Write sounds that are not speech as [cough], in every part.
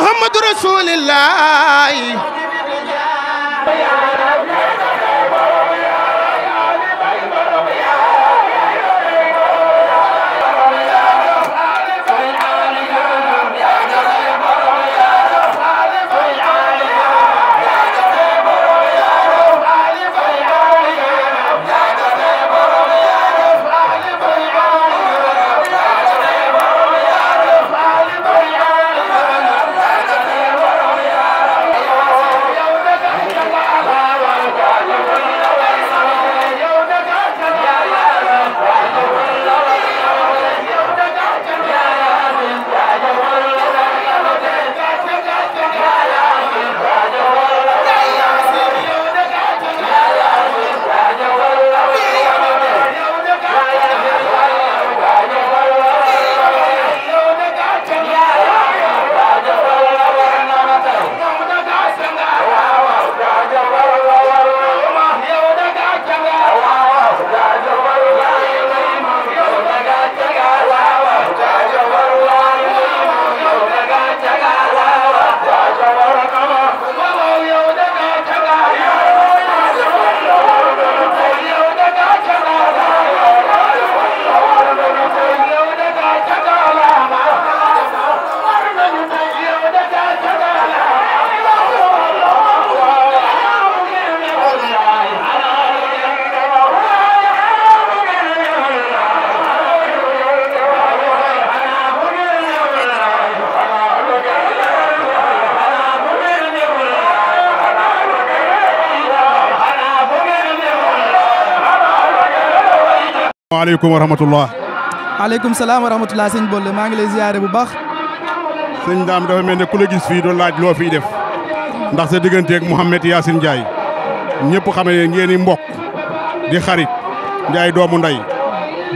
محمد رسول الله asalaamaaleykum wa rahmatullah aleykum salaam wa rahmatullah sëñ Bolle maa ngi lay ziyaare bu baax sëñ Dame dafa mel ne ku la gis fii doon laaj loo fiy def ndax sa digganteeg Mouhamed Yacine Ndiaye ñëpp xam ne ngeen i di xarit di ay doomu nday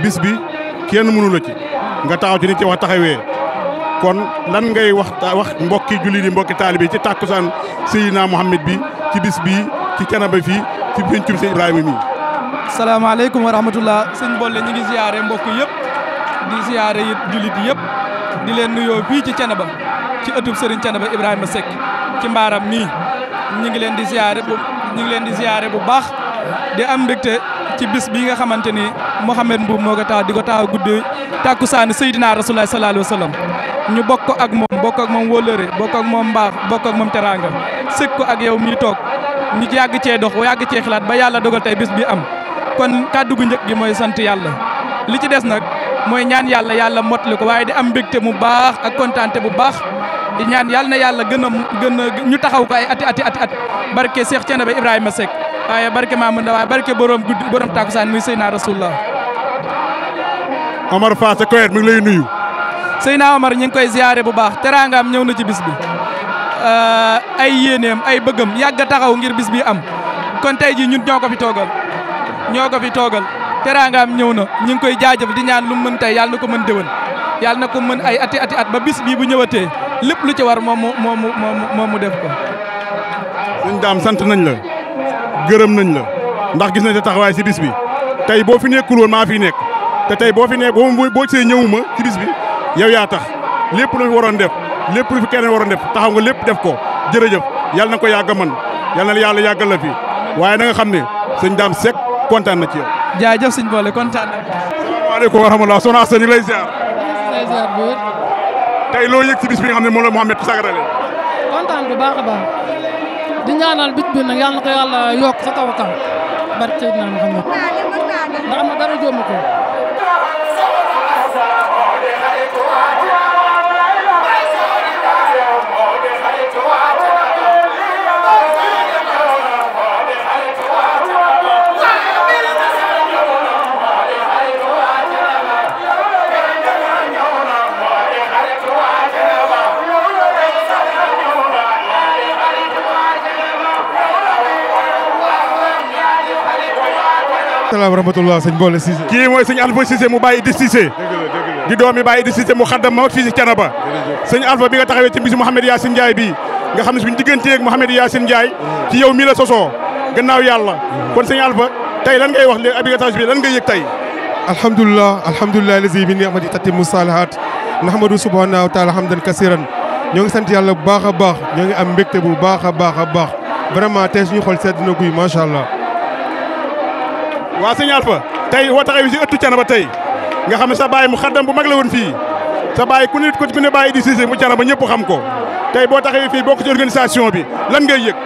bis bi kenn mënu ci nga taxaw ci ni ci wax taxawee kon lan ngay wax wax mbokki julli di mbokki taalibe ci tàkkusaan Seydina Mouhamed bi ci bis bii ci Thiénaba fii ci pencum Sëñ Ibrahima mi asalaamaaleykum wa rahmatullah sëñ Bolle ñu ngi ziyaare mbokk yépp di ziyaare it jullit yëpp di leen nuyoo fii ci ba ci ëttub Serigne Thiénaba Ibrahima Seck ci mbaaram nii ñu ngi leen di ziyaare bu ñu ngi leen di ziyaare bu baax di am mbégte ci bis bi nga xamante ni Mouhamed Mbuub moo ko tax di ko tax a guddi tàkkusaanu Seydina Rasulullah sallallahu alayhi wa ñu bokk ak moom bokk ak moom wóllëre bokk ak moom mbaax bokk ak moom teraanga sëkk ko ak yow mi toog ñu yàgg cee dox yàgg cee xalaat ba yàlla dogal tey bis bi am kon kàddu gu njëkk gi mooy sant yàlla li ci des nag mooy ñaan yàlla yàlla mottali ko waaye di am mbégte mu baax ak kontaante bu baax di ñaan yàlla na yàlla gën a gën ñu taxaw ko ay ati ati ati at barke Cheikh Thiénaba Ibrahima Seck waaye barke Mamoun Ndaw waaye barke borom guddi borom takusaan muy Seydina Rasulullah Omar Fassé Koyet mi ngi lay nuyu. Seydina Omar ñu ngi koy ziyaare bu baax teraangaam ñëw na ci bis bi euh, ay yéeneem ay bëggam yàgg taxaw ngir bis bi am kon jii ñun ñoo ko toogal. ñoo ko fi toogal teraangaam ñëw na ñu ngi koy jaajëf di ñaan lu mu mën tey yàlla na ko mën déwén yàlla na ko mën ay ati ati at ba bis bii bu ñëwatee lépp lu ci war moom mu moom moom mu def ko. suñ daam sant nañ la gërëm nañ la ndax gis nañ sa taxawaay sibis bi tey boo fi nekkul woon maa fi nekk te tey boo fi nekk boo boo see ñëwuma si bi yow yaa tax lépp lu waroon def lépp lu fi keneen waroon def taxaw nga lépp def ko jërëjëf yàlla na ko yàgg man yàlla na yàlla yàggal la kontaan na ci yow. jaajëf suñu boole kontaan na. asalaamaaleykum wa rahmatulah soxna Assa ñu ngi lay ziar. loo yëg ci bis bi nga xam ne moom kontaan bu baax a baax di ñaanal bit bi nag yal na yokk sa kaw a kaw. barke naa Mouhamed ndax am na dara jóomu ko. salaam rahmatullah sëñ Boole Cissé. kii mooy sëñ Alpha Cissé mu bàyyi di Cissé. di doomi bàyyi di Cissé mu xaddam ma fii si Canaba. sëñ Alpha bi nga taxawee ci mbisi Mouhamed Yacine Ndiaye bii nga xam ne suñu digganteeg Mouhamed Yacine Ndiaye. ci yow mii la sosoo gannaaw yàlla. kon sëñ Alpha tey lan ngay wax léegi abigatage bi lan ngay yëg tey. alhamdulilah alhamdulilah lazi bi ni'mati tatimmu saalihaat nahmadu subhanahu wa taala hamdan kasiran ñoo ngi sant yàlla bu baax a ñoo ngi am mbégte a a waa sëñ Alpha tey woo taxaw si ëttu Thiénaba tey nga xam ne sa baay mu xaddam bu mag la woon fii sa baay ku ne ku ne baay di Cissé mu Thiénaba ñëpp xam ko tey boo taxawee fii bokk ci organisation bi lan ngay yëg.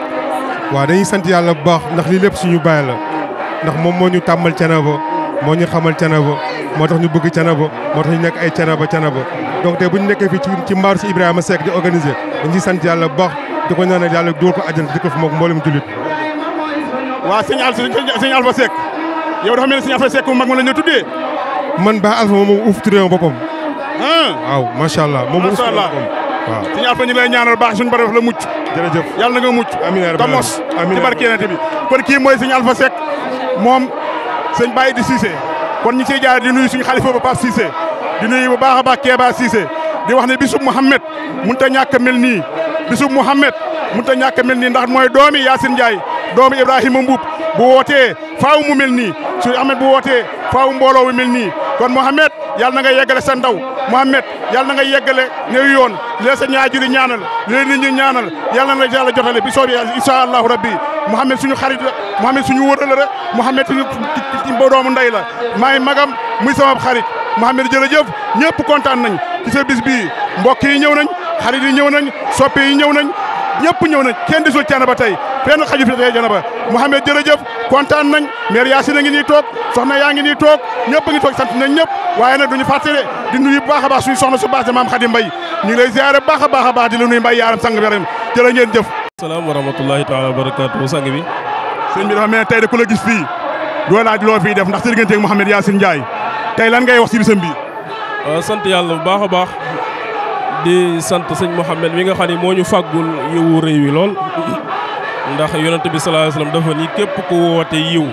waaw dañuy sant yàlla bu baax ndax lii lépp ñu baay la ndax moom moo ñu tàmmal Thiénaba moo ñu xamal Thiénaba moo tax ñu bëgg Thiénaba moo tax ñu nekk ay Thiénaba Thiénaba donc tey bu ñu nekkee fii ci ci mbaaru si Ibrahima Seck di organiser dañuy sant yàlla bu baax di ko ñaanal yàlla dóor ko àjjana di ko fi moom mboolem jullit. waa sëñ Alpha sëñ yow dafa mel ni suñu affaire sekk mu mag ma la man Baye Alpha moom moo uuf tuddee boppam. waaw macha allah moom moo uuf tuddee boppam waaw. suñu affaire ñu lay ñaanal baax suñu bari na nga mucc. amiin amiin tamos ci barke Yonent bi kon kii mooy suñu Alpha moom sëñ Baye di Cissé kon ñi ciy jaar di nuyu suñu xalifa ba Pape Cissé di nuyu bu baax a baax Kéba Cissé di wax ne bisub Mouhamed mënut a ñàkk mel nii bisub Mouhamed mënut a ñàkk mel nii ndax mooy doomi yaa Yacine Ndiaye doomu Ibrahima Mboup bu wootee faaw mu mel nii su Ahmed bu wootee faaw mbooloo mu mel nii kon Mohamed yàlla na nga yeggale sa ndaw Mohamed yàlla na nga yeggale new yoon lee sa ñaajuri ñaanal lee nit ñi ñaanal yàlla na nga yàlla jotale bi soobee incha allahu rabbi Mohamed suñu xarit la Mohamed suñu wóorale la Mohamed suñu doomu ndey la maay magam muy sama xarit Mohamed jërëjëf ñëpp kontaan nañ ci sa bis bii mbokk yi ñëw nañ xarit yi ñëw nañ soppe yi ñëw nañ ñëpp ñëw nañ kenn desul ba tey fenn xaju fi tey Janaba mohammed jerejeuf contane nañ maire yassine ngi ni tok soxna yaa ngi nii toog ñëpp ngi tok sant nañ ñepp waye nag duñu fàtte di nuyu bu baax baax suñu soxna su baax maam Xadi ñu lay ziaré baaxa baaxa baax di la nuyu mbay yaaram sang beram jërë ngeen jëf salaam wa rahmatullahi taala wa barakatuh sang bi sëñ bi dafa tay ne tey de ku la gis fii doo laaj lo fi def ndax sa diggante ak lan ngay wax ci bisam bi ah, sant yalla bu baax di sant sëñ mohammed wi nga xani moñu fagul yewu reewi lol ndax yonent bi sallallahu alayhi wasallam dafa ni képp ko woote yiw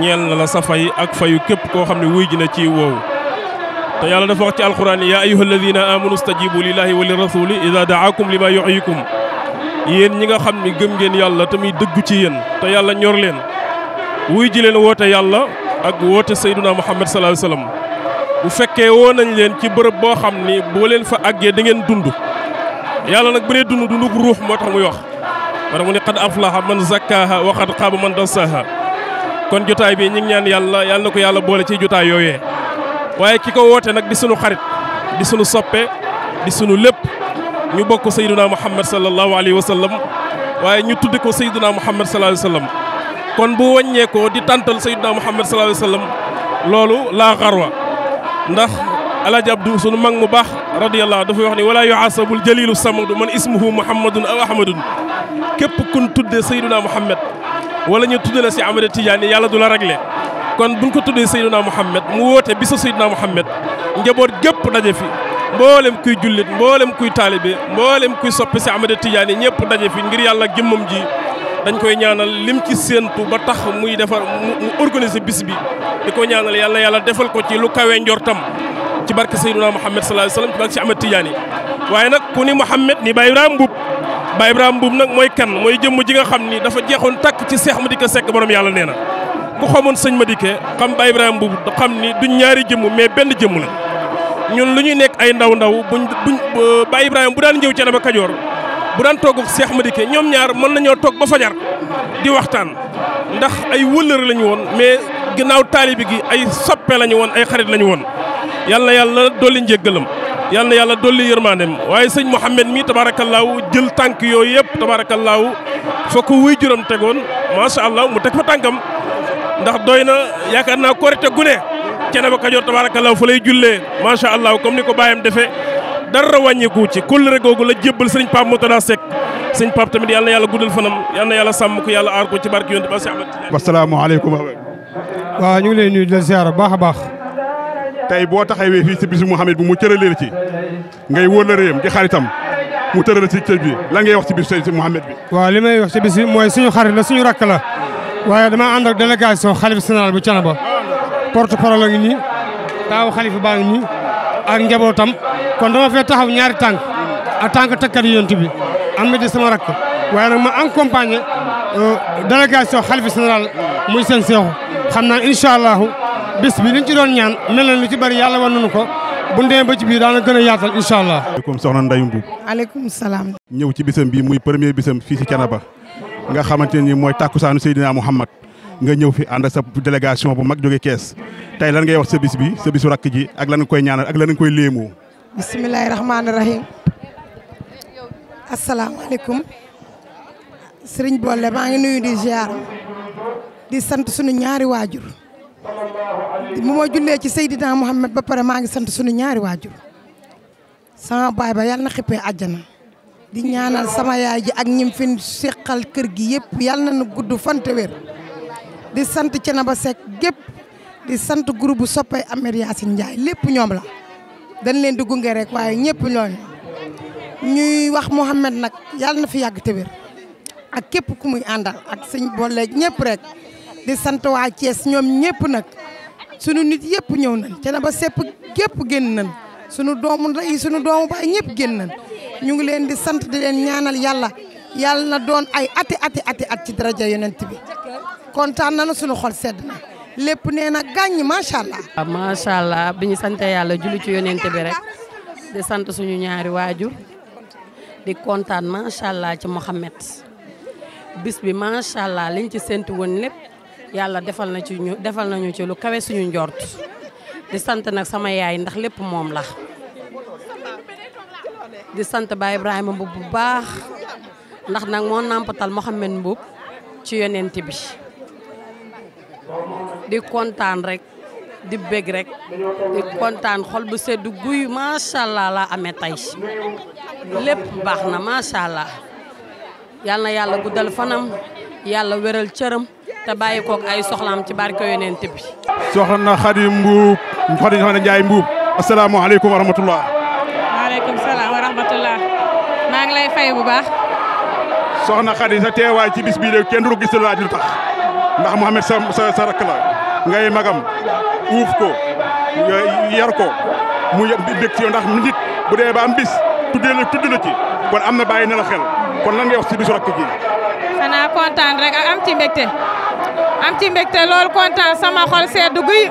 ñeel na la sa fay ak fayu képp koo xam ne wuy ji na ci woowu te yàlla dafa wax ci alquran ya ayyuha alladina amanu stajibu lillahi wa lirasuli ida daakum lima yuhyikum yéen ñi nga xam ni gëm ngeen yàlla te muy dëggu ci yéen te yàlla ñor leen wuy ji leen woote yàlla ak woote sayduna muhammad sallallahu alayhi wasallam bu fekkee woo nañ leen ci bërëb boo xam ni boo leen fa àggee da ngeen dund yàlla nag bu dee dund dunduk ruux moo wara mu ne xad aflaha man zakkaha wa xad xaaba man dassaha kon jotaay bii ñu ñaan yàlla yàlla na ko yàlla boole ci jotaay yooyee waaye ki ko woote nag di sunu xarit di sunu soppe di sunu lépp ñu bokk sayduna muhammad sallallahu alayhi wa sallam waaye ñu tudde ko sayduna muhammad sallallahu alayhi wa sallam kon bu wàññeekoo di tantal sayduna muhammad sallallahu alayhi wa sallam loolu laa xarwa ndax alaaji abdou sunu mag mu baax radiyallahu dafay wax ni wala yuasabul jalilu samadu man ismuhu muhammadun aw ahmadun képp kun tudde sayduna muhammad wala ñu tudde la si amada tidiane yàlla du la réglé kon buñ ko tuddee sayduna muhammad mu woote bi sa sayduna muhammad njaboot gépp daje fi mboolem kuy jullit mboolem kuy taalibe mboolem kuy soppi si amada tidiane ñëpp daje fi ngir yàlla jëmmam ji dañ koy ñaanal lim ci séentu ba tax muy defar mu organiser bis bi ko ñaanal yàlla yàlla defal ko ci lu kawe njortam ci barke Seydina Mouhamed sallallahu alayhi wa sallam ci barke waaye nag ku ni Mouhamed ni Baye Ibrahima Mbuub Baye Ibrahima Mbuub nag mooy kan mooy jëmm ji nga xam ni dafa jeexoon takk ci Seex Madike Seck borom yàlla nee na ku xamoon sëñ Madike xam Baye Ibrahima Mbuub xam ni duñ ñaari jëmm mais benn jëmm la ñun lu ñuy nekk ay ndaw ndaw buñ buñ Baye Ibrahima bu daan ñëw ci ba Kajoor bu daan toog ak Seex Madike ñoom ñaar mën nañoo toog ba fajar di waxtaan ndax ay wëllëre lañu woon mais ginnaaw taalibi gi ay soppe lañu woon ay xarit lañu woon yàlla yàlla dolli njéggalam yal na yàlla dolli yërmaandem waaye sëñ Mouhamed mi tabaarakallaahu jël tànk yooyu yëpp tabaarakallaahu fa ko wuy juróom tegoon macha allah mu teg fa tànkam ndax doy na yaakaar naa korite gune Ceneba Kajoor tabaarakallaahu fa lay jullee macha allah comme ni ko baayam defee dara wàññeeku ci kóllëre googu la jébbal sëñ Pape Moutala Seck sëñ Pape tamit yal na yàlla guddal fanam yal na yàlla sàmm ko yàlla aar ko ci barke yonent ba si Ahmad. wasalaamaaleykum. waaw ñu ngi lay nuyu di a baax. tey boo taxawee fii ci bisu Mouhamed bi mu cëralee ci ngay wóolareem di xaritam mu tëral ci cër bi lan ngay wax ci bisu ci Mouhamed bi. waaw li may wax ci bis bi mooy suñu xarit la suñu rakk la waaye dama ànd ak délégation xalif général bu Thiénaba porte parole ngi nii taaw baa ngi nii ak njabootam kon dama fee taxaw ñaari tànk ak tànk takkat yonent bi am na di sama rakk waaye nag ma accompagné euh, délégation xalif général muy seen seexu xam naa incha allahu bis bi liñ ci doon ñaan mel na lu ci bari yàlla wan nañu ko bu ñu demee ba ci biir daana gën a yaatal incha allah. maaleykum soxna Ndeye Mboub. maaleykum salaam. ñëw ci bisam bi muy premier bisam fii si Thiénaba nga xamante ni mooy tàkkusaanu Seydina Mouhamad nga ñëw fi ànd sa délégation bu mag jóge Kees tey lan ngay wax sa bis bi sa bisu rakk ji ak lan nga koy ñaanal ak lan nga koy léemoo. bisimilah rahmaani rahim. asalaamaaleykum. sëriñ Bolle maa baa ng di ziar sant sunu ñaari waajur. bu ma jullee ci Seydina Mouhamed ba pare maa ngi sant sunu ñaari waajur sama baay ba yàlla na xippee àjjana di ñaanal sama yaay ji ak ñim fi seqal kër gi yëpp yàlla na gudd fante wér di sant Cenaba Seck gépp di sant groupe bu soppay Amer Yacine lépp ñoom la dañ leen di gunge rek waaye ñëpp ñooñu ñuy wax Mouhamed nag yàlla na fi yàgg te wér ak képp ku muy àndal ak sëñ boole ñëpp rek di sant waa Thiès ñoom ñëpp nag sunu nit yëpp ñëw nañ ca na ba sepp gépp génn nañ sunu doomu ndey sunu doomu baay ñëpp génn nañ ñu ngi leen di sant di leen ñaanal yàlla yàlla na doon ay ati ati ati at ci daraja yonent bi kontaan nañu sunu xol sedd na lépp nee na gàññ macha allah. waaw ah, macha allah bi ñu sant yàlla julli ci yonent bi rek di sant suñu ñaari waajur di kontaan macha allah ci Mouhamed bis bi macha allah liñ ci séntu woon lépp. yàlla defal na ci ñu defal nañu ci lu kawe suñu njort di sant nag sama yaay ndax lépp moom la di sant Baye Ibrahima Mboup bu baax ndax nag moo nàmpatal Mouhamed Mboup ci yonent bi di kontaan rekk di bég rek di kontaan xol bu sedd guy macha allah laa amee tey lépp baax na macha allah yàlla guddal fanam yàlla wéral cëram te bàyyi kook ay soxlaam ci barke yonent bi. soxna Khady Mbuub Khady Ndiaye Mbuub asalaamaaleykum wa rahmatulah. waaleykum salaam wa maa ngi lay fay bu baax. soxna Khady sa teewaay ci bis bii de kenn du gis la laaj lu tax ndax Mouhamed sa sa sa rakk la ngay magam uuf ko yar ko mu bég ci yow ndax nit bu dee ba am bis tuddee la tudd la ci kon am na bàyyi na la kon lan ngay wax ci bisu rakk ji. xanaa kontaan rek am ci mbégte am ci mbégte lool kontaan sama xol sedd guy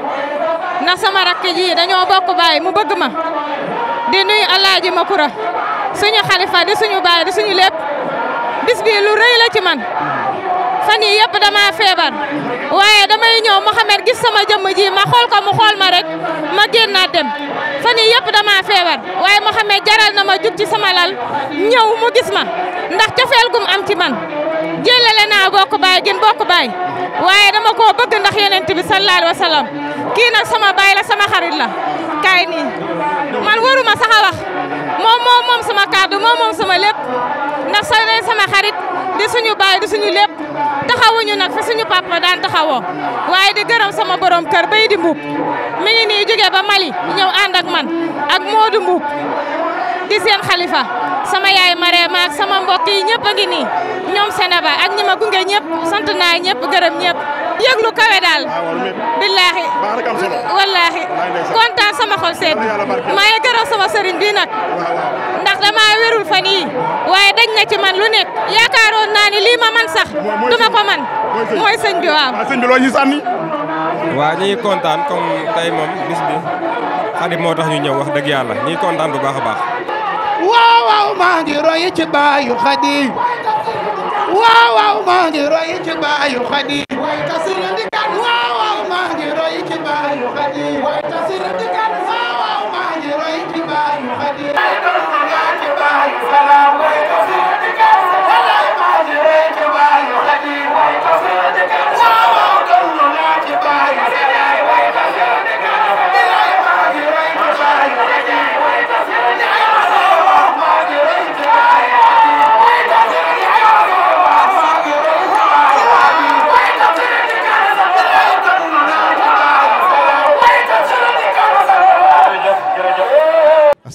ndax sama rakk ji dañoo bokk baay mu bëgg ma di nuyu alaaji Makura suñu xalifa di suñu baay di suñu lépp bis bii lu rëy la ci man fan yii yëpp damaa feebar waaye damay ñëw Mouhamed gis sama jëmm ji ma xool ko mu xool ma rek ma génnaat fan yii yëpp damaa feebar waaye Mouhamed jaral na ma jug ci sama lal ñëw mu gis ma ndax cofeel gum am ci man jëlale naa bokk baay gën bokk baay waaye dama koo bëgg ndax yonent bi sallallahu alayhi kii nag sama baay la sama xarit la kaay nii man waruma sax a wax moom moom sama kàddu moom moom sama lépp ndax sa ne sama xarit di suñu baay di suñu lépp taxawuñu nag fi suñu papa daan taxawoo waaye di gërëm sama borom kër bay di mbuub mi ngi nii jóge ba Mali ñëw ànd ak man ak Modou Mbuub di seen xalifa sama yaay Marème ak sama mbokk yi ñëpp ñoom Sénéba ak ñi ma gunge ñëpp sant naa ñëpp gërëm ñëpp yëg lu kawe daal ah, billaahi wallaahi kontaan sama xol seet maa ngi sama sëriñ bi ndax dama wérul fan yii waaye dañ na ci man lu nekk yaakaaroon naa ni lii ma man sax duma ko man mooy sëñ bi waaw sëñ bi ah, ñi kontaan comme tey moom bis moo tax ñu ñëw wax dëgg yàlla ñi ngi kontaan bu baax a baax waaw waaw maa ngi roy ci baayu Xadim waaw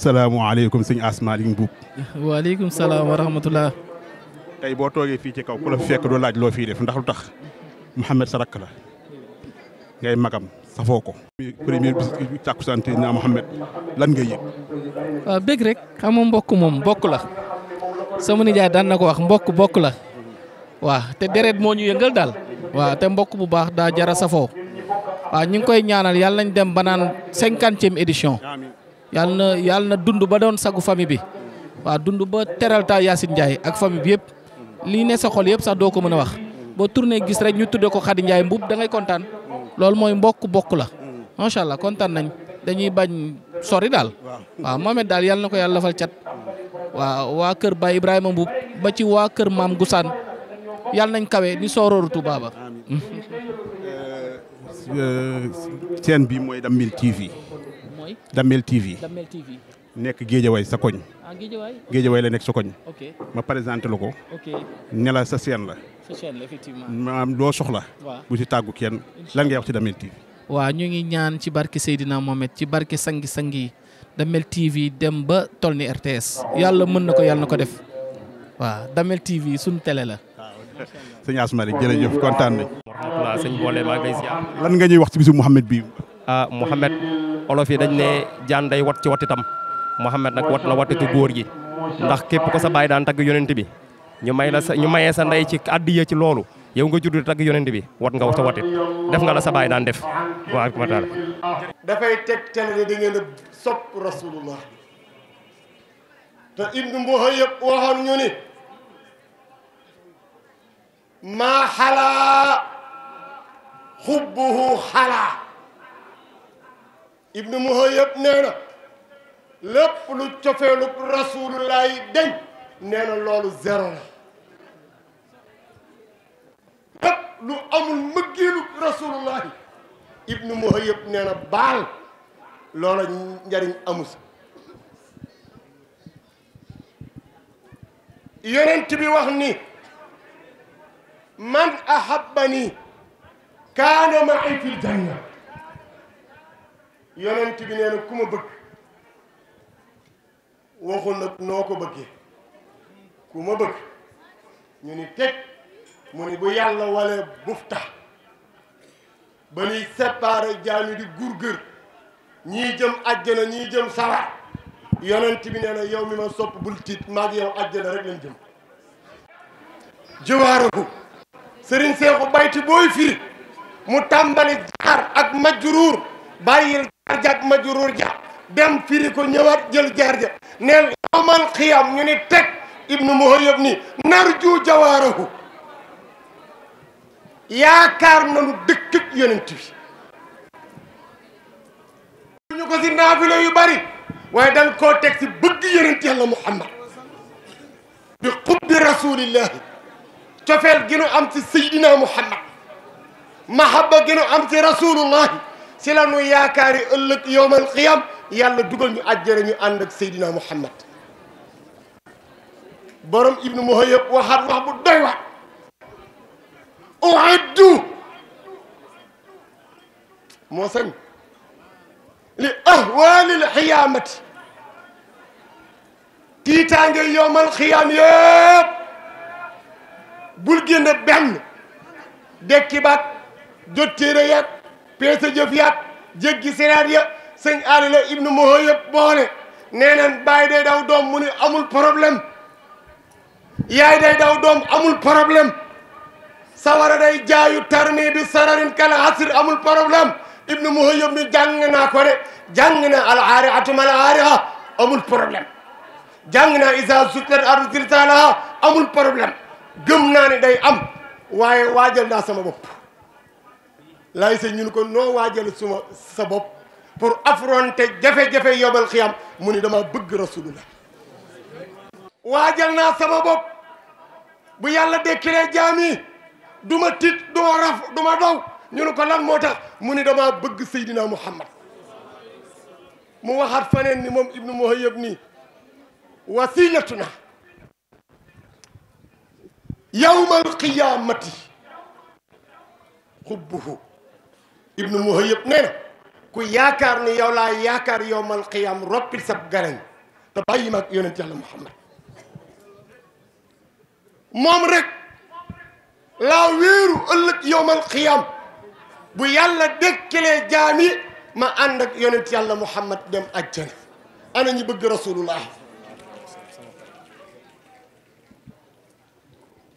salaamualeykum sëñ Asma Aliou Mbuub. waaleykum salaam wa rahmatulah. tey boo toogee fii ci kaw ku la fekk doo laaj loo fii def ndax lu tax Mouhamed sa rakk la ngay magam safoo ko. premier bis tàkku sant naa Mouhamed lan nga yëg. waaw bëgg rek xam mbokk moom mbokk la sama nijaay daan na ko wax mbokk mbokk la waa te deret moo ñu yëngal daal. waa te mbokk bu baax daa jara safoo waa ñu ngi koy ñaanal yàlla nañ dem ba naan cinquantième édition Yalna yalna dundu ba don sagu fami bi wa dundu ba teral ta Yacine Ndiaye ak fami bi yëpp li ne sa xol yëpp sa doo ko mën wax bo tourner gis rek ñu tuddé ko khadi Ndiaye mbub da ngay contane loolu moy mbokk bokku la macha allah nañ dañuy bañ sori dal, wa Mohamed dal yalna ko yalla fal cat wa waker keur Baye Ibrahima mbub ba ci wa keur mam gusan yàlla nañ kawe ni soorooru Tuubaa ba. [laughs] Euh, seen bi mooy mil TV. mooy. TV nekk Géejawaay sa koñ. ah la nekk sa koñ. ok ma présenté la ko. ok ne la sa chaîne la. sa chaîne la effectivement. maanaam loo soxla. waaw bu ci tàggu kenn lan ngay wax ci Damel TV. waaw ñu ngi ci barke Seydina Mohamed ci barke sangi sangi Damel dem ba toll ni RTS. yàlla mën na ko yàlla na ko def. waa Damel TV suñu tele la. sëñ Asmari jërëjëf kontaan nañ. waaw sëñ Boole lan nga ñuy wax ci bisu Mouhamed bi ah olof yi dañ né jaan day wat ci watitam mohammed nak wat wat watitu goor gi ndax kep ko sa bay daan tag yonent bi ñu may la ñu maye sa nday ci addiya ci lolu yow nga juddu tag yonent bi wat nga sa watit def nga la sa bay daan def wa akuma taala tek tel ne di ngeen sop rasulullah ta ibnu muhayyab waxoon ñu ni ma hala xubbuhu hala ابن مهيب نانا لب لو تشافي لو رسول الله دين نانا لولو زيرو لب لو امول مغي لو رسول الله ابن مهيب نانا بال لولا نجارين اموس يرنت بي وخني من احبني كان معي في الجنه yonent bi nee na ku ma bëgg waxul nag noo ko bëggee ku ma bëgg ñu ni teg mu ni bu yàlla wale bufta ba nuy séparé jaami di gurgër ñii jëm àjjana ñii jëm sawar yonent bi nee na yow mi ma sopp bul tiit maag yow àjjana rek lañ jëm jëwaaraku sëriñ seexu bayti booy firi mu tàmbali jaar ak majruur bàyyil jag majruur ja dem firi ko ñëwaat jël jaar ja neel yawmal xiyam ñu ni teg ibnu muhayyab ni narju jawaarahu yaakaar nañu dëkk ak yonent bi ñu ko si naafila yu bari waaye dañ koo teg si bëgg yonent yàlla muhammad bi xubbi rasulillahi cofeel gi nu am si saydina muhammad mahabba gi nu am si rasulullahi سيلانو كاري ألق يوم القيام يلا دغلني أجرني عندك سيدنا محمد برم ابن مهيب وحر وحب الدعوة أعدو موسم لأهوال الحيامة تيتانج يوم القيام ياب بلغين بن دكيبات دوتيريات peese jëf yaat jéggi siraat ya sëñ Alioune ibnu Moho boole nee nañ bàyyi day daw doom mu ne amul problème yaay day daw doom amul problème sawara day jaayu tarmi bi sararin kala asir amul problème ibnu Moho yëpp mi naa ko de jàng na al aariatu mal amul problème jàng naa isa sutlat ardu zilzalaha amul problème gëm naa ne day am waaye waajal naa sama bopp lay ñun ko no wajjal suma sa bop pour affronter jafe-jafe yobal xiyam mu ni dama bëgg rasulullah waajal naa sama bop bu yàlla dékkiree jami duma tit do raf duma ma daw ñu ko lan motax tax mu ni dama bëgg Seydina Muhammad mu waxat fanen ni mom ibnu muhayyab ni wasilatuna يوم القيامة خبه ibnu muhayyab nee ku yaakaar ni yow laa yaakaar yowmal qiyaam roppil sab garañ te bàyyi ma ak yonent muhammad moom rek laa wéeru ëllëg yowmal qiyaam bu yàlla dékkalee jaam yi ma ànd ak yonent yàlla muhammad dem ajjana ana ñi bëgg rasulullah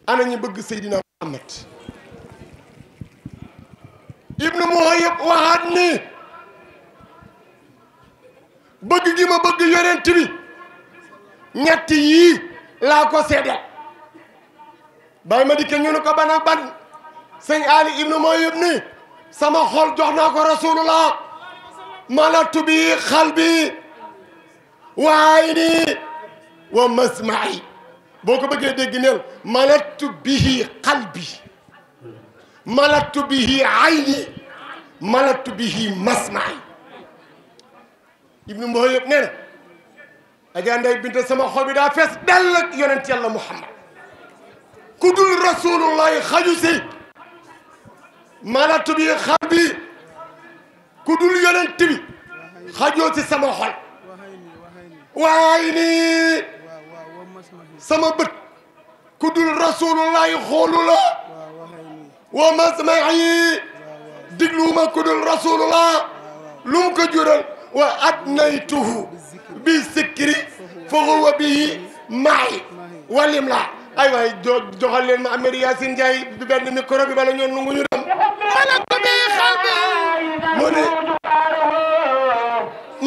ana ñi bëgg seydina muhammad ibnu muhayyab waxaat ni bëgg gi ma bëgg yonent bi ñett yii laa ko seedeel bàyyi ma dikke ñu ne ko ban ak ban sëñ ni sama xol jox naa malatu bi xal bi wa masmaay boo ko bëggee dégg neel malatu bihi xal malattu bihi ayni malattu bihi masmaay ibnu Muhayyab nee na ajaa binta sama xol bi daa fees dell ak yonent yàlla muhammad ku dul rasulullahi xaju bi ku sama xol waay nii sama bët ku dul rasulullahi wa masmaci digluuma ku dul rasulullah lu mu ko jural wa adnaytuhu bi sikri fa huwa bihi maci walim la ay waay joxal leen ma Amady Yacine Ndiaye bi benn micro bi bala ñoon nu nguñu dem malatu bi xalbi mu ne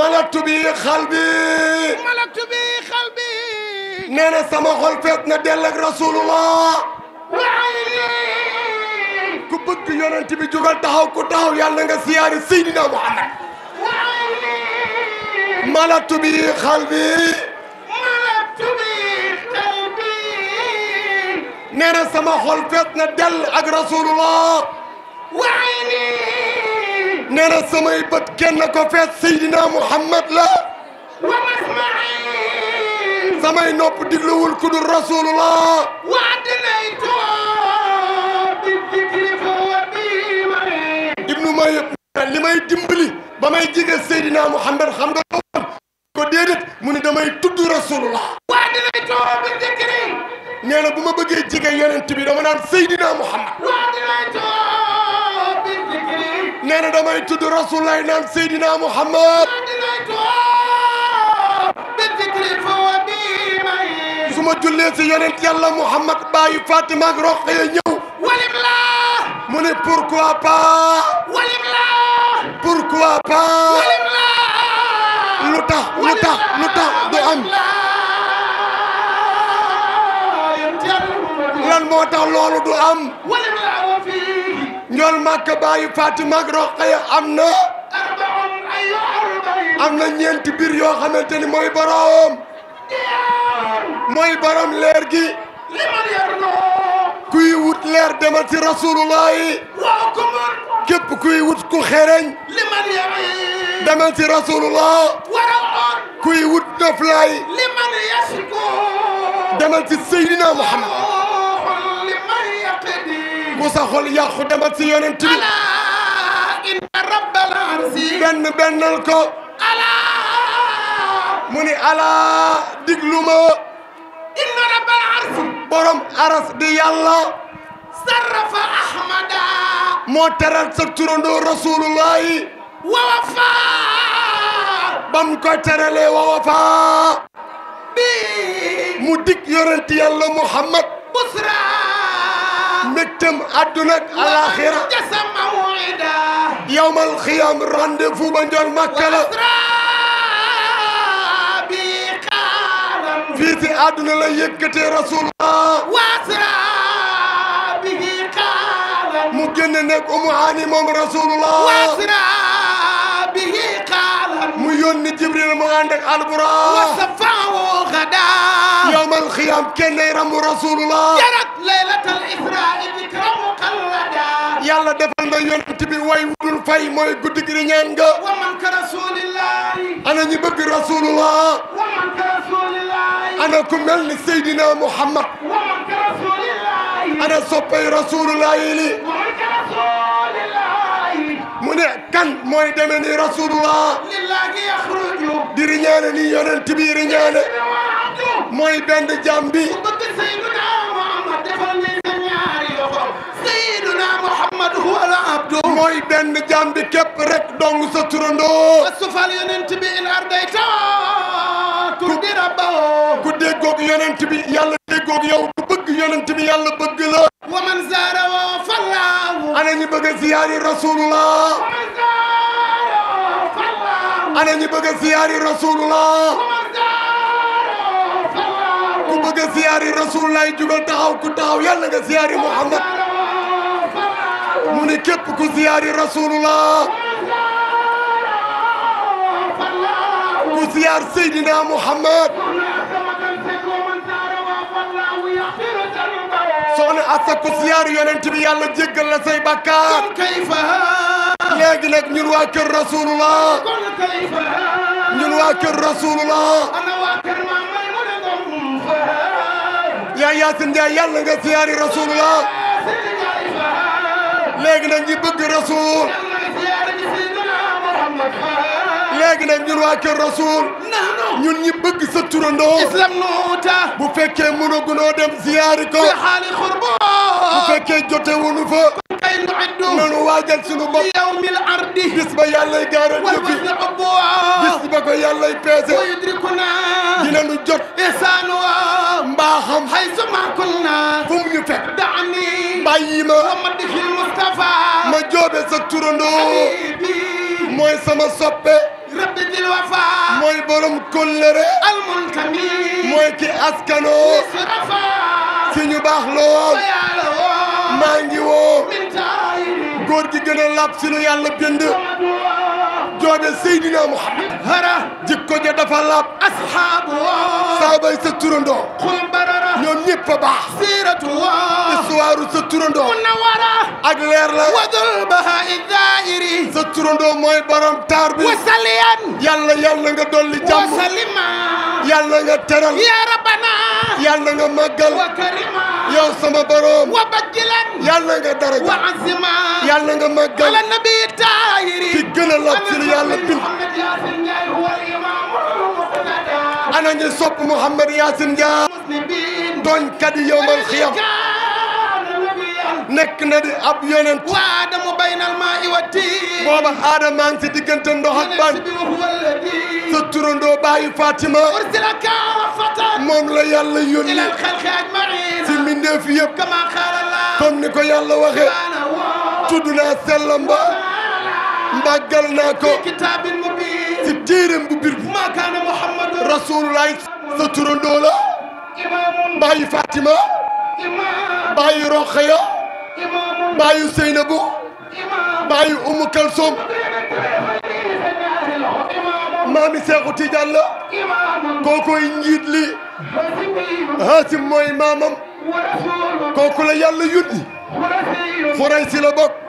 malatu bi xalbi malatu bi xalbi nee na sama xol feet na dell ak rasulullah ku bëgg yonent bi jógal taxaw ku taxaw yàlla nga siyaari Seydina Muhammad malatu bi xalbi malatu bi xalbi nee sama xol fees na dell ak rasulullah waay ni nee na samay bët kenn ko fees Seydina Muhammad la wa samay nopp digluwul ku dul rasulullah mooy li may dimbali ba may jege Seydina Mouhamed xam nga ko déedéet mu ne damay rasulullah waa damay toog bi dëkkri nee ma bëggee jege yonent bi dama naan Seydina Mouhamed waa damay toog bi dëkkri rasulullah naan Seydina Mouhamed waa damay toog bi dëkkri foo bi may su ma jullee si yonent yàlla Mouhamed bàyyi mu ne pourquoi pas. lu tax lu tax lu tax du am. lan moo tax loolu du am. walim laa ñool Makka bàyyi Fatima ak Roqaya am na. am na ñeenti biir yoo xamante ni mooy boroom. mooy boroom leer gi. li ma yor كوي ود لير دمتي رسول الله وكم كيب كوي ود كو خيرن لمن رسول الله كوي ود نفلاي لمن يشكو دمتي سيدنا محمد لمن يقدي موسى خول يا ان رب العرش بن بن الكو الا مني الا ديغلوما borom aras di yàlla sarrafa ahmada moo teral sa turandoo rasulullahi wa wafa bam ko teralee wa wafa bi mu dig yonent yàlla muhammad busra mbégtam adduna ak alaxira jasa mawida yowmal xiyam rendez-vous ba njol makka la fii si àdduna la yëkkatee rasulullah waasra bihi qaala mu génn nekk umu hani moom rasulullah waasra bihi qaala mu yónni jibril mu ànd ak albura wasafaawo gada yowmal xiyaam kenn ay ramu rasulullah jarat laylatal israa bi yàlla defal na yonent bi way wudul fay mooy guddi gi di ñaan nga wa man ka rasulillahi ana ñu bëgg rasulullah wa man ka rasulillahi ana ku mel ni seydina muhammad wa man ka rasulillahi ana soppay rasulullahi li wa man ka rasulillahi kan mooy deme ni rasulullah lillahi yaxruju di riñaane ni yonent bi riñaane mooy benn jambi. bi ahmaduhu ala abdu mooy benn jaam bi képp rek dong sa turandoo asufal yonent bi il ardayta tuddi rabbahu ku déggoog yonent bi yàlla déggoog yow ku bëgg yonent bi yàlla bëgg la wa man zaarawo fallaahu ana ñi bëgg a ziyaari rasulullah ana ñi bëgg a ziyaari rasulullah ku bëgg a ziyaari rasulullah jugal taxaw ku taxaw yàlla nga ziyaari Muhammad من كيف كزيار رسول الله كزيار سيدنا محمد صون أسا كزيار ينتبه الله جيغل لسي بكار كيف ياك نك نواك الرسول الله نواك الرسول الله يا ياسين يا يالا كزيار رسول الله léegi nag ñi bëgg rasul léegi nag ñun waa kër rasul ñun ñi bëgg sa turandoo islam nuuta bu fekkee mënagunoo dem ziyaari ko bu fekkee jote wuñu fa nu'iddu nanu waajal sunu bopp yawmil ardi bis ba yàllay gaaral jëfi bis ba ko yàllay peese wa yudrikuna dinañu jot ihsaanu mbaaxam haysu ma kunna fu mu ñu fekk daani bàyyi ma amadihil Mustafa ma joobe sa turandoo mooy sama soppe rabbi dil wafa mooy borom kóllëre almuntami mooy ki askanoo si ñu baax lool maa ngi woo góor gi gën a làpp si lu yàlla bind jooja Seydina Muhammad hara jikko ja dafa laab asxaabu sa turandoo xumbarara ñoom ñëpp baax siiratu histoire sa turandoo munawara ak leer la wadul baha idairi sa turandoo mooy borom taar bi wasaliyan yàlla yàlla nga dolli jàmm ya rabbana yàlla nga màggal ala nabi taahiri fi gën a laab yàlla bind ana ñu sopp Mouhamed Yacine Ndiaye tooñkat yi yowmal xiyam nekk na di ab yonent waa dama baynal maa iwati booba aadama ngi si diggante ndox ak ban sa turandoo baayu Fatima moom la yàlla yónni si mbindeef yëpp comme ni ko yàlla waxee tudd naa sellam ba màggal naa ko ci téeram bu bir bi rasulullaay sa turandoo la bàyyi Fatima bàyyi Rokhaya bàyyi Seynabu bàyyi Umu Kalsoom maami Seexu Tijaan la kookoy njiit Haasim mooy maamam kooku la yàlla yónni bokk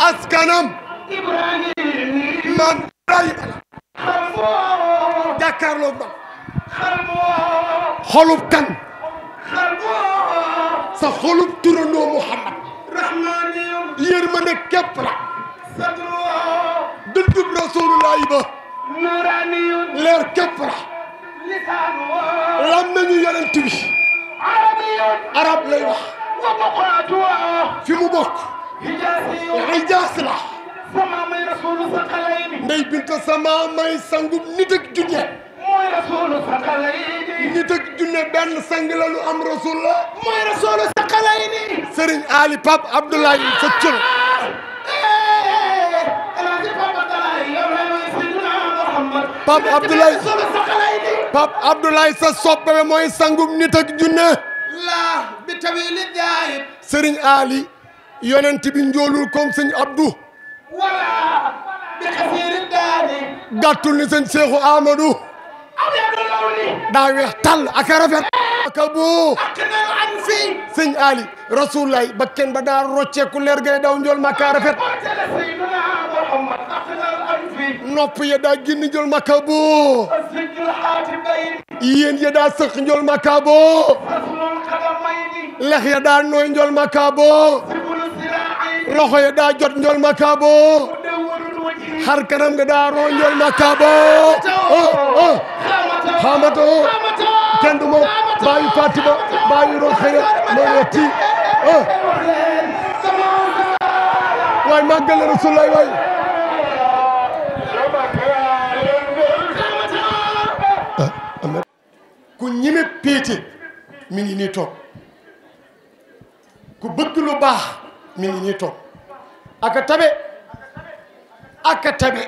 أسكنم من رايب دكار لوبا خلوب كان سخلوب ترنو محمد رحماني يرمن كبرا دندب رسول الله إبا نوراني لير كبرا لمن يرن تبي عربي عرب لي وح في مبوك ndey binta sama may sangu nit junne benn sang lu am rasul la mooy rasulu saqalayni sëriñ Ali Pape sa cël eh, Pape Abdoulaye Pape sa soppe mooy sangum nit junne la bi tawili jaayib sëriñ Ali yonent bi njoolul comme sëñ Abdou. wala. bi xasiiri daani. gàttul ni sëñ Seexu Amadou. daa weex tàll ak rafet. ak boo. ak Ali rasulullah ba kenn ba daa rocceeku leer daw njool ma rafet. nopp ya daa génn njool ma boo. yéen ya daa sëq njool ma boo. lex ya daa nooy njool ma boo. loxo ya daa jot njol ma kaaboo xar kanam nga daa roo njol ma kaaboo oh, oh. xaamatoo kenn du moom baayu Fatima baayu Rokhaya moo yetti oh. waay màggal Rasulullah waay ku ñime piiti mi ngi nii toog ku bëgg lu baax mi ngi nii toog aka tabe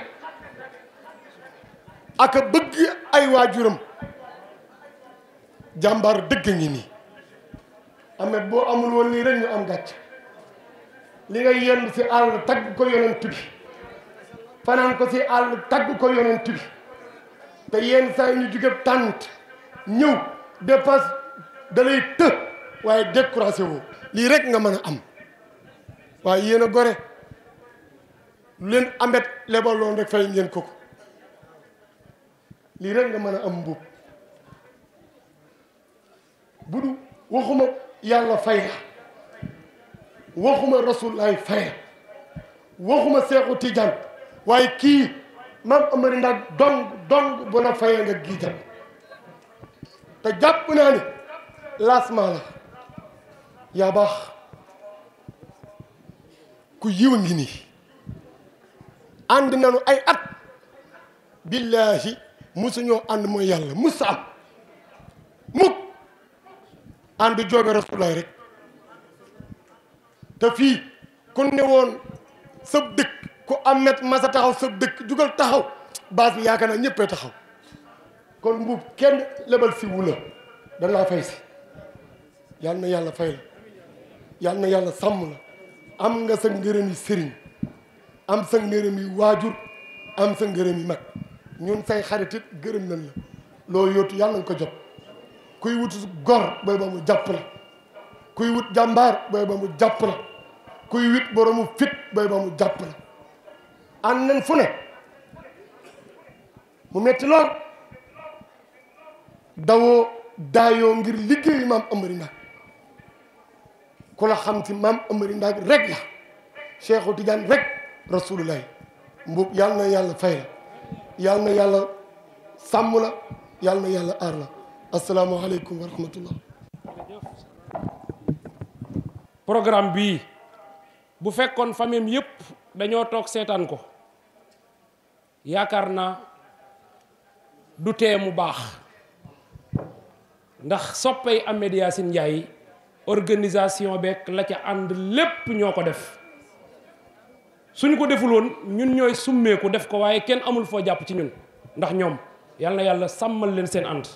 aka bëgg ay waajuram jàmbar dëgg ngi nii amet boo amul woon nii rek ñu am gàcc li ngay yenn si àll tagg ko yonent bi fanaan ko si àll tagg ko yonent bi te yenn saa yi ñu jóge tànt ñëw dépasse da të waaye découragé lii rek nga mën a am waaye yéen a gore lu leen amet lebaloon rek fay ngeen ko ko lii rek nga mën a am mbuub bu du waxuma yàlla fay la waxuma rasulaay fay waxuma seexu tijaan waaye kii maam amari ndaag dong dong bu na fayee nga giijal te jàpp naa ni laasmaa la yaa baax ku yiw a ngi nii ànd nañu ay at billaahi musuñoo ànd mooy yàlla mus am mukk ànd joobe rasulaay rek te fii ku newoon woon sab dëkk ku amet masa taxaw sab dëkk jugal taxaw baas bi yaakaar naa ñëppee taxaw kon mbuub kenn lebal si wu la danaa fay si yal na yàlla fay la yal na yàlla sàmm la am nga sa ngërëm yi sëriñ am sa ngërëm yi waajur am sa ngërëm yi mag ñun say xaritit gërëm nañ la loo yóotu yàlla nga ko jot kuy wut gor booy ba mu jàpp la kuy wut jàmbaar booy ba mu jàpp la kuy wut boroomu fit booy ba mu jàpp la ànd nañ fu ne mu metti lool dawoo daayoo ngir liggéeyu maam amari nag ku la xam ci maam Amari Ndaak rek la Cheikhou Tidiane rek rasulullahi mbub yàlla na yàlla fay la yàlla sàmm la yàlla na yàlla aar la asalaamualeykum wa rahmatullah programme bii bu fekkoon famille yépp dañoo toog seetaan ko yaakaar naa du tee mu baax ndax soppay Ahmed Yacine Ndiaye organisation beeg la ca ànd lépp ñoo ko def suñ ko defuloon ñun ñooy summeeku def ko waaye kenn amul foo jàpp ci ñun ndax ñoom yàlla na yàlla sàmmal leen seen ànd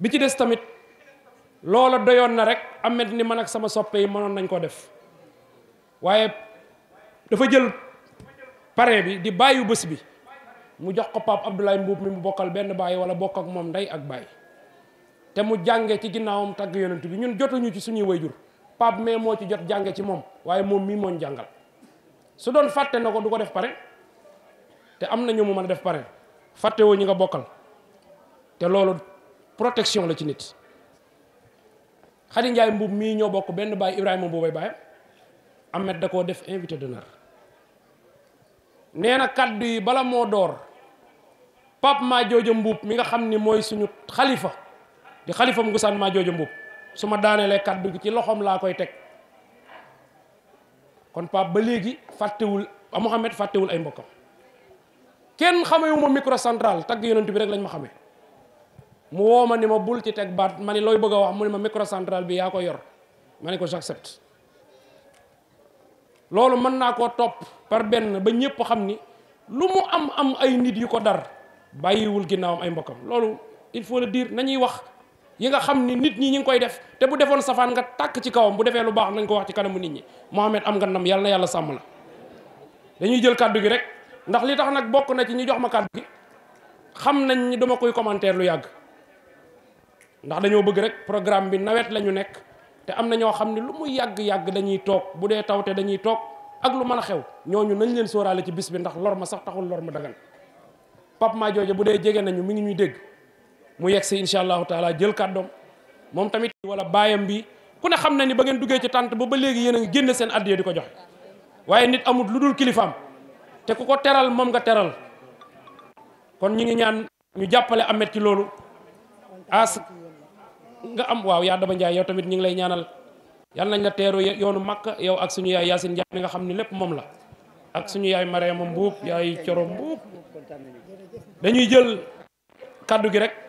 bi ci des tamit loola doyoon na rek amet ni mën ak sama soppe yi mënoon nañ ko def waaye dafa jël parrain bi di bàyyu bés bi mu jox ko Pape Abdoulaye Mbuub mi mu bokkal benn baay wala bokk ak moom ndey ak baay te mu jànge ci ginnaawam tagg yonent bi ñun jotuñu ci suñuy jur Pape mais moo ci jot jànge ci moom waaye moom mii mooñ jàngal su doon fàtte na ko du ko def pare te am na ñu mu mën a def pare fàtte woo ñi nga bokkal te loolu protection la ci nit Xadi Njaay mbub mii ñoo bokk benn baay Ibrahima mbuubay baayam Ahmed da koo def invité d'honneur nee na kaddu yi bala moo door Pape maa jooja mbuub mi nga xam ni mooy suñu xalifa di khalifa mu gusan ma jojo mbub suma daane le kaddu gi ci loxom la koy tek kon pa ba léegi fàttewul Mouhamed fàttewul ay mbokkam kenn mo micro central tag yonent bi rek lañ ma xamé mu woo ma ni ma bul ci tek bat ma loy bëgg wax mu ne ma micro central bi ya ko yor mani ko j'accepte loolu man na ko top par ben ba ñepp xam ni lu mu am am ay nit yu ko dar bayiwul ginnaawam ay mbokam loolu il faut le dire nañuy wax yi nga xamni ni nit ñi ñu ngi koy def te bu defon safan nga tak ci kawam bu defé lu baax nañ ko wax ci kanamu nit ñi Mohamed am nga ndam yalla yalla sam la dañuy jël kaddu gi rek ndax li tax nak bokku na ci ñu jox ma kaddu gi xam nañ ni duma koy commentaire lu yag ndax dañoo bëgg rek programme bi nawet la nek te am na xamni lu muy yag yag dañuy tok bu dé taw te dañuy tok ak lu mëna xew ñoñu nañ leen sóoraale ci bis bi ndax lor ma sax taxul lor ma dagan pap ma bu dé jege nañu mi ngi ñuy dégg mu yegg si incha allahu taala jël kàddoom moom tamit wala baayam bi ku ne xam na ni ba ngeen duggee ci tànt ba ba léegi yéen a ngi génne seen addiya di ko joxe waaye nit amul lu dul kilifaam te ku ko teral moom nga teral kon ñu ngi ñaan ñu jàppale Ameth ci loolu as nga am waaw yaa daba Ndiaye yow tamit ñu ngi lay ñaanal yal nañ la teeru yoonu màkk yow ak suñu yaay Yacine Ndiaye mi nga xam ne lépp moom la ak suñu yaay Mariama Mbuub yaay Coro Mbuub dañuy jël kàddu gi rek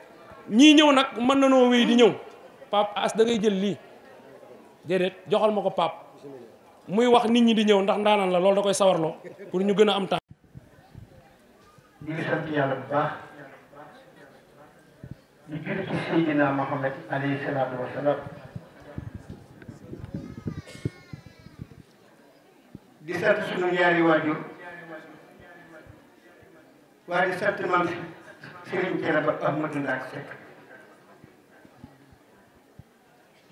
ñii ñëw nag mën na noo wéy di ñëw Pape As da jël lii déedéet joxal ma ko Pape muy wax nit ñi di ñëw ndax ndaanaan la loolu da koy sawarloo pour ñu gën a am temps. ñu ngi sant yàlla waa di sant Serigne Thiénaba Ahmadou Ndack Seck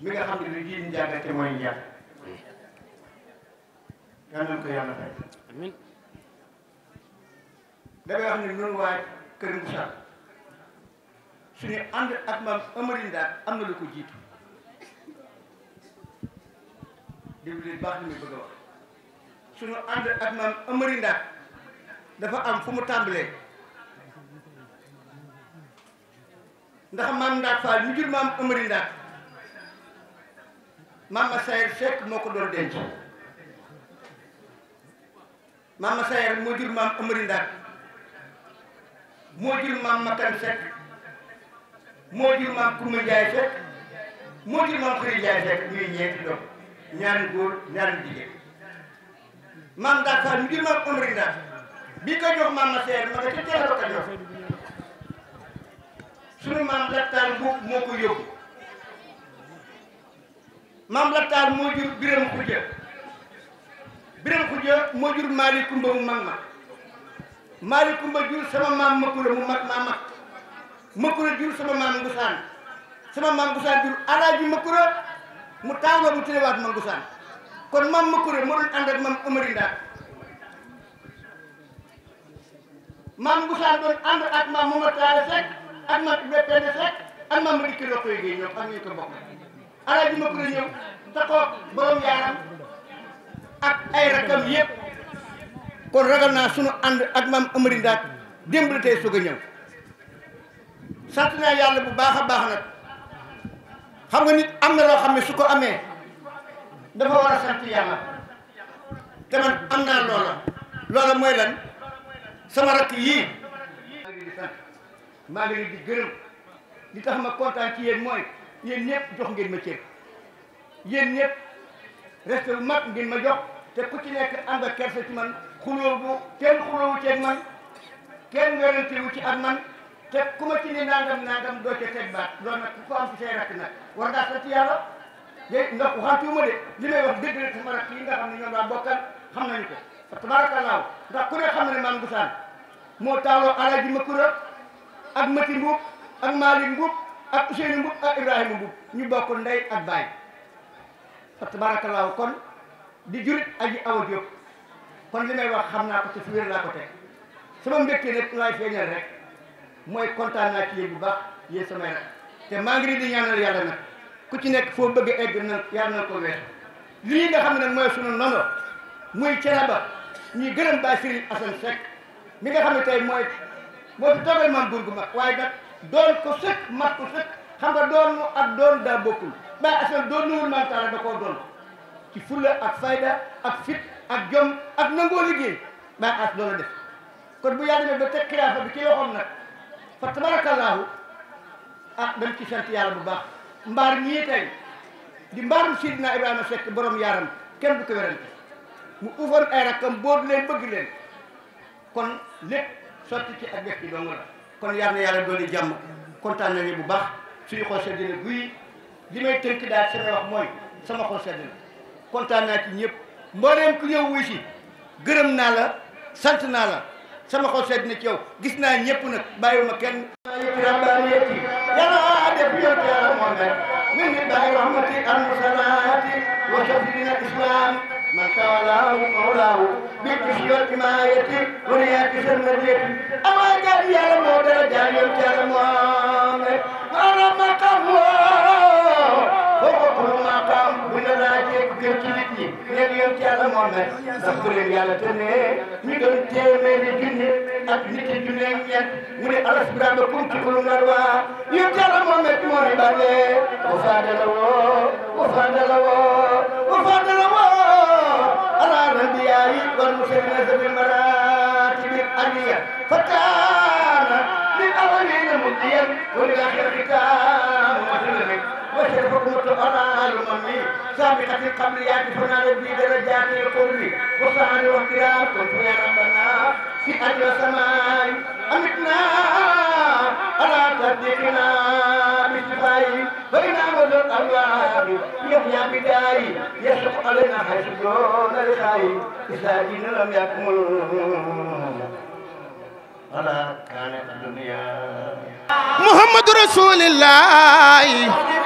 mi nga xam ne lii njàng te mooy njàng yal nañu ko yàlla fay. amiin damay wax ne ñun waa Kër Moussa suñu ànd ak maam Amari Ndack am na lu ko jiitu déglu leen baax na muy bëgg a wax suñu ànd ak maam Amari Ndack dafa am fu mu tàmbalee. ndax maam Ndaat Fall ñu jur maam Amari Ndaat maam Sayer Seck moo ko doon denc maam Sayer moo jur maam Amari Ndaat moo jur maam Makan Seck moo jur maam Kouma Ndiaye Seck moo jur maam Xëri Ndiaye Seck ñuy ñeenti doom góor ñaari jigéen maam Ndaat Fall ñu jur maam Amari Ndaat bi ko jox maam Sayer ma nga ca teel a jox suñu maam Lattar Mbuub moo ko yóbbu maam Lattar moo jur Biram Xuja Biram Xuja moo jur Maali Kumba mu mag ma Maali Kumba jur sama maam Makura mu mag maa mag Makura jur sama maam Ngusaan sama maam Ngusaan jur Alaaji Makura mu taaloo mu téléwaat ma Ngusaan kon maam Makura moo doon ànd ak maam Amari Ndaa maam Ngusaan doon ànd ak maam Momar Taala Seck an ma benn rek ak ma mën kilo koy géey ñoom ak ñu ko bokk alaa ji ma ko ñëw te ko borom yaaram ak ay rakam yëpp kon ragal naa sunu ànd ak maam Amary Ndaat démb la tey soog a ñëw bu baax xam nga nit am na dafa sant te man am lan sama rakk maa ngi leen di gërëm li tax ma kontaan ci yéen mooy yéen ñëpp jox ngeen ma cër yéen ñëpp respect bu mag ngeen ma jox te ku ci nekk ànd ak man xuloo bu kenn xuloowu ceeg man kenn werantewu ci ak man te ku ma ci ne nangam doo ca teg baat loolu ku ko am ci say rakk nag war ngaa sant yàlla de ndax waxantuuma de li may wax dëgg la sama rakk yi nga xam ne ñoom laa bokkal xam nañu ko tabaarakallaah ndax ku ne xam na ne maam Gusaan moo taaloo alaaji ma kura ak Mati Mbuub ak Malick Mbuub ak Ousseynou Mbuub ak Ibrahima Mbuub ñu bokk ndey ak baay fa tabaarakallaahu kon di jurit aji Awa Diop kon li may wax xam naa ko te fu wér laa ko teg sama mbégte nag laay feeñal rek mooy kontaan naa ci bu baax yéen samay rak te maa ngi leen di ñaanal yàlla nag ku ci nekk foo bëgg egg na yàlla na ko weex lii nga xam ne nag mooy sunu nono muy Thiénaba ñuy gërëm Baay Serigne Assane Seck mi nga xam ne tey mooy boo fi toogee maam buur gu mag waaye nag doon ko sëkk mat ko sëkk xam nga doon ak doon daa bokkul bàyyi askan doon nuwul maam taala da koo doon ci fulla ak fayda ak fit ak jom ak nangoo liggéey bàyyi as loola def kon bu yàlla demee ba teg xilaafa bi ci loxoom nag fa tabarakallaahu ah dañ ci sant yàlla bu baax mbaar ñii tey di mbaarum Sidina Ibrahima Seck borom yaaram kenn bu ko werante mu ufoon ay rakkam boobu bëgg leen kon lépp soti ci ak def ci dong la kon yar na doli jam jàmm na ni bu baax suñu xol sedd na guy may sama wax moy sama xol sedd na ci ñepp mbolem ku yow wuy si gëreem na la sant na la sama xol sedd na ci yow gis naa ñëpp nag bàyyiwuma kenn rabbani def min ni al musalati مطاله مولاه بالكشيوت ما يتي وليا كسر مدريتي أما جاري يا مودر جاري يا محمد أنا مقام وقفل مقام بنا راجيك جرتلتي نبيون يا محمد سخرين يا لتني نيدون تيميري جنة أبنتي جنة نيات من ألس برام كنت كل نروا يا محمد موري بالي وفاد لو وفاد لو وفاد لو الأخيار والمسلمة بالمراتب الأنية فكان من أولين مديا ولآخر ختام وشرفت أنا المني سابقة القمريات فنال بي درجات القرب وصعد واختيار قلت يا ربنا في أجل السماء أمتنا على تصديقنا باتفاعي فإن أمر الأرواح يحيى بداي يشق علينا حيث دون الخاي إذا دين لم يكمل ولا كانت الدنيا محمد رسول الله